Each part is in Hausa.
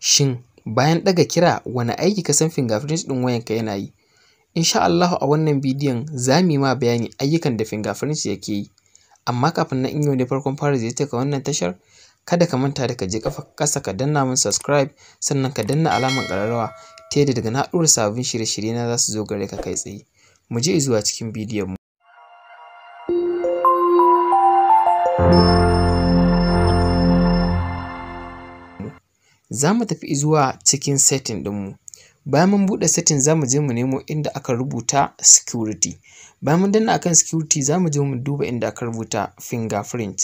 Shin bayan ɗaga kira wani aiki ka san fingerprint ɗin ka yana yi? Insha Allahu a wannan bidiyon za mu yi ma bayani ayyukan da fingerprint yake yi. Amma kafin na in ne farkon fara zai ka wannan tashar, kada ka manta da ka je ƙasa ka danna min subscribe sannan ka danna alamar ƙararrawa ta da daga na sabbin shirye na za su zo gare ka kai tsaye. Mu je zuwa cikin bidiyon bidiyonmu. za mu tafi zuwa cikin setting mu. Bayan mun buɗe setting za mu je mu nemo inda aka rubuta security. Bayan mun danna akan security za mu je mu duba inda aka rubuta fingerprint.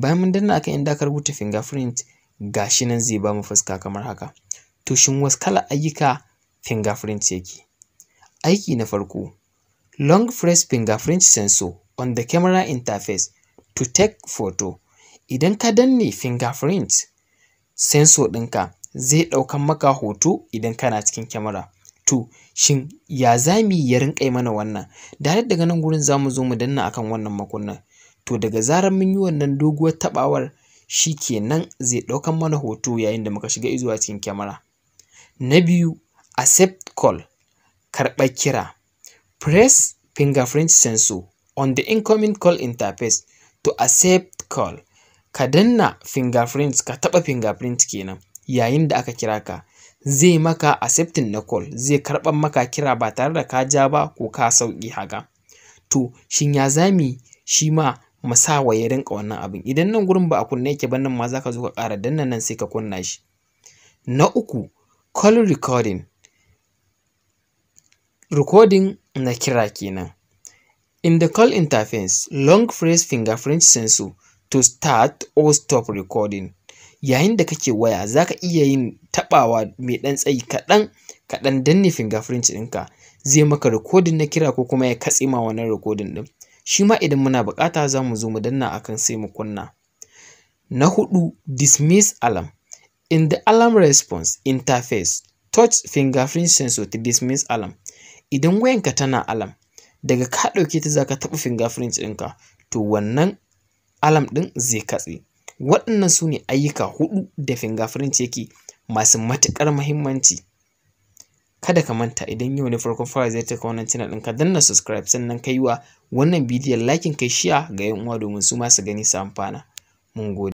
Bayan mun danna akan inda aka rubuta fingerprint gashi nan zai ba mu fuska kamar haka. To shin wasu kala ayyuka fingerprint yake? Aiki na farko long press fingerprint sensor on the camera interface to take photo. Idan ka danne fingerprint sensor ɗinka zai ɗaukan maka hoto idan kana cikin kyamara. To shin ya za mu yi ya rinƙa yi mana wannan? Da daga nan gurin za mu zo mu danna akan wannan makunna To daga zarar mun yi wannan doguwar taɓawar shi kenan zai ɗaukan mana hoto yayin da muka shiga izuwa cikin kyamara. Na biyu accept call karɓar kira press fingerprint sensor on the incoming call interface to accept call ka danna fingerprint ka taɓa fingerprint kenan yayin da aka kira ka zai maka accepting na call zai karban maka kira ba tare da ka ja ba ko ka sauki haka to shin ya zami shi ma mu sa waye ya rinka wannan abin idan nan gurin ba a kunna yake ba nan ma zaka zo ka ƙara danna nan sai ka kunna shi na uku call recording recording na kira kenan in the call interface long phrase fingerprint sensor to start or stop recording yayin da kake waya za ka iya yin taɓawa mai ɗan tsayi kaɗan kaɗan danne fingerprint ɗinka zai maka recording na kira ko kuma ya katse ma wannan recording ɗin shi ma idan muna buƙata za mu zo mu danna akan sai mu kunna na hudu dismiss alarm in the alarm response interface touch fingerprint sensor to dismiss alarm idan wayanka tana alarm daga ka ɗauke ta za ka taɓa fingerprint ɗinka to wannan alam ɗin zai katse waɗannan su ne ayyuka hudu da fingerprint yake masu matukar muhimmanci kada ka manta idan yau ne farkon fara zai taka wannan channel ɗin ka danna subscribe sannan ka yi wa wannan bidiyon lakin kai share ga 'yan uwa domin su ma su gani su amfana mun gode